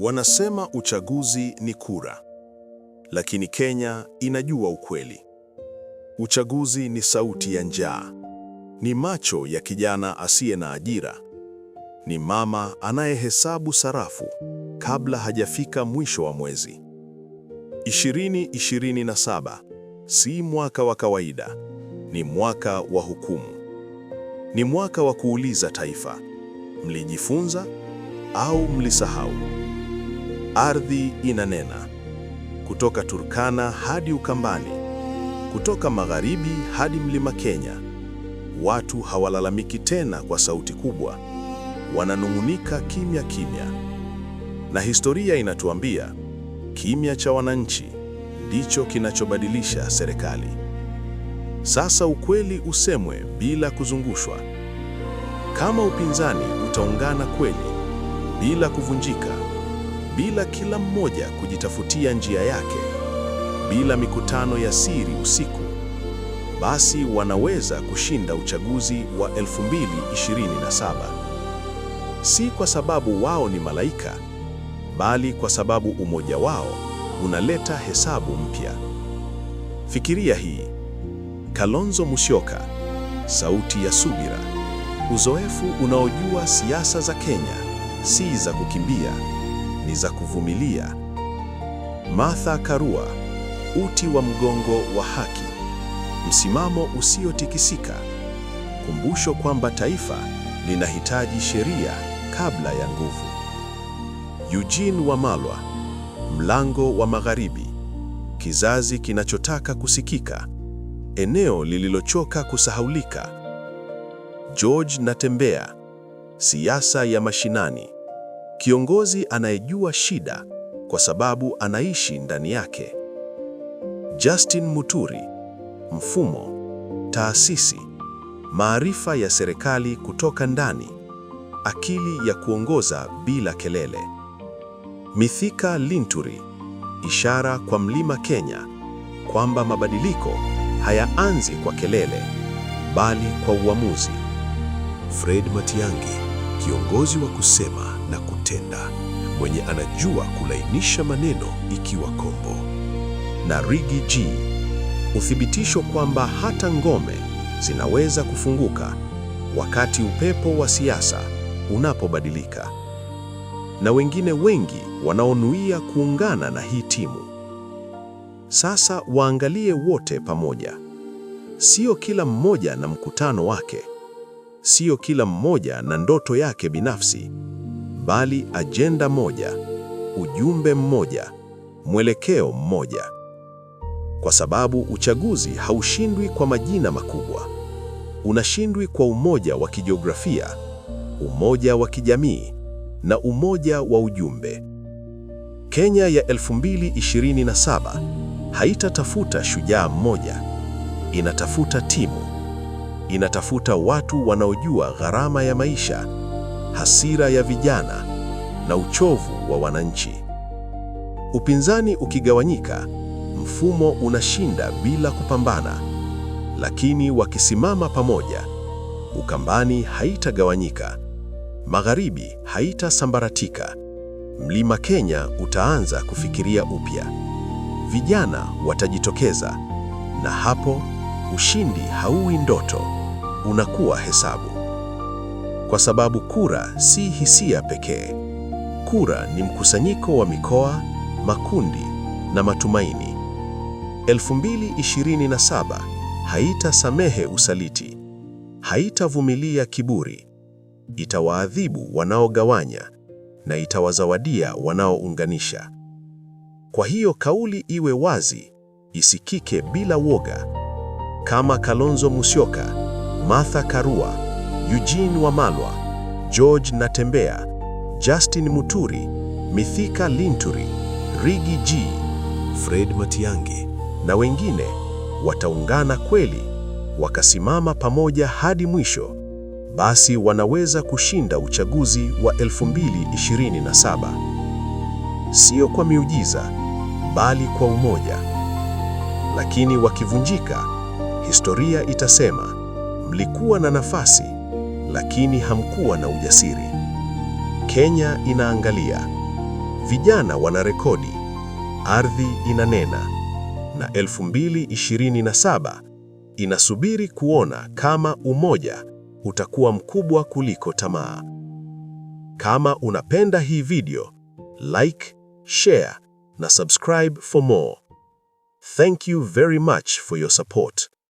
Wanasema uchaguzi ni kura, lakini Kenya inajua ukweli. Uchaguzi ni sauti ya njaa, ni macho ya kijana asiye na ajira, ni mama anayehesabu sarafu kabla hajafika mwisho wa mwezi. 2027 si mwaka wa kawaida, ni mwaka wa hukumu, ni mwaka wa kuuliza taifa, mlijifunza au mlisahau? Ardhi inanena, kutoka Turkana hadi Ukambani, kutoka magharibi hadi mlima Kenya. Watu hawalalamiki tena kwa sauti kubwa, wananung'unika kimya kimya. Na historia inatuambia kimya cha wananchi ndicho kinachobadilisha serikali. Sasa ukweli usemwe bila kuzungushwa. Kama upinzani utaungana kweli bila kuvunjika bila kila mmoja kujitafutia njia yake, bila mikutano ya siri usiku, basi wanaweza kushinda uchaguzi wa 2027. Si kwa sababu wao ni malaika, bali kwa sababu umoja wao unaleta hesabu mpya. Fikiria hii: Kalonzo Musyoka, sauti ya subira, uzoefu unaojua siasa za Kenya si za kukimbia ni za kuvumilia. Martha Karua, uti wa mgongo wa haki, msimamo usiotikisika, kumbusho kwamba taifa linahitaji sheria kabla ya nguvu. Eugene Wamalwa, mlango wa magharibi, kizazi kinachotaka kusikika, eneo lililochoka kusahaulika. George Natembea, siasa ya mashinani kiongozi anayejua shida kwa sababu anaishi ndani yake. Justin Muturi, mfumo, taasisi, maarifa ya serikali kutoka ndani, akili ya kuongoza bila kelele. Mithika Linturi, ishara kwa Mlima Kenya kwamba mabadiliko hayaanzi kwa kelele bali kwa uamuzi. Fred Matiang'i, kiongozi wa kusema kutenda, mwenye anajua kulainisha maneno ikiwa kombo. Na Rigi G, uthibitisho kwamba hata ngome zinaweza kufunguka wakati upepo wa siasa unapobadilika. Na wengine wengi wanaonuia kuungana na hii timu. Sasa waangalie wote pamoja. Sio kila mmoja na mkutano wake. Sio kila mmoja na ndoto yake binafsi bali ajenda moja, ujumbe mmoja, mwelekeo mmoja, kwa sababu uchaguzi haushindwi kwa majina makubwa, unashindwi kwa umoja wa kijiografia, umoja wa kijamii na umoja wa ujumbe. Kenya ya 2027 haitatafuta shujaa mmoja, inatafuta timu, inatafuta watu wanaojua gharama ya maisha hasira ya vijana na uchovu wa wananchi. Upinzani ukigawanyika, mfumo unashinda bila kupambana. Lakini wakisimama pamoja, Ukambani haitagawanyika, Magharibi haitasambaratika, Mlima Kenya utaanza kufikiria upya, vijana watajitokeza, na hapo ushindi hauwi ndoto, unakuwa hesabu kwa sababu kura si hisia pekee. Kura ni mkusanyiko wa mikoa, makundi na matumaini. 2027 haitasamehe usaliti, haitavumilia kiburi, itawaadhibu wanaogawanya na itawazawadia wanaounganisha. Kwa hiyo kauli iwe wazi, isikike bila woga, kama Kalonzo Musyoka, Martha Karua Eugene Wamalwa, George Natembea, Justin Muturi, Mithika Linturi, Rigi G, Fred Matiangi na wengine wataungana kweli, wakasimama pamoja hadi mwisho, basi wanaweza kushinda uchaguzi wa 2027. Sio kwa miujiza, bali kwa umoja. Lakini wakivunjika, historia itasema mlikuwa na nafasi lakini hamkuwa na ujasiri. Kenya inaangalia, vijana wanarekodi, ardhi inanena, na 2027 inasubiri kuona kama umoja utakuwa mkubwa kuliko tamaa. Kama unapenda hii video, like, share na subscribe for more. Thank you very much for your support.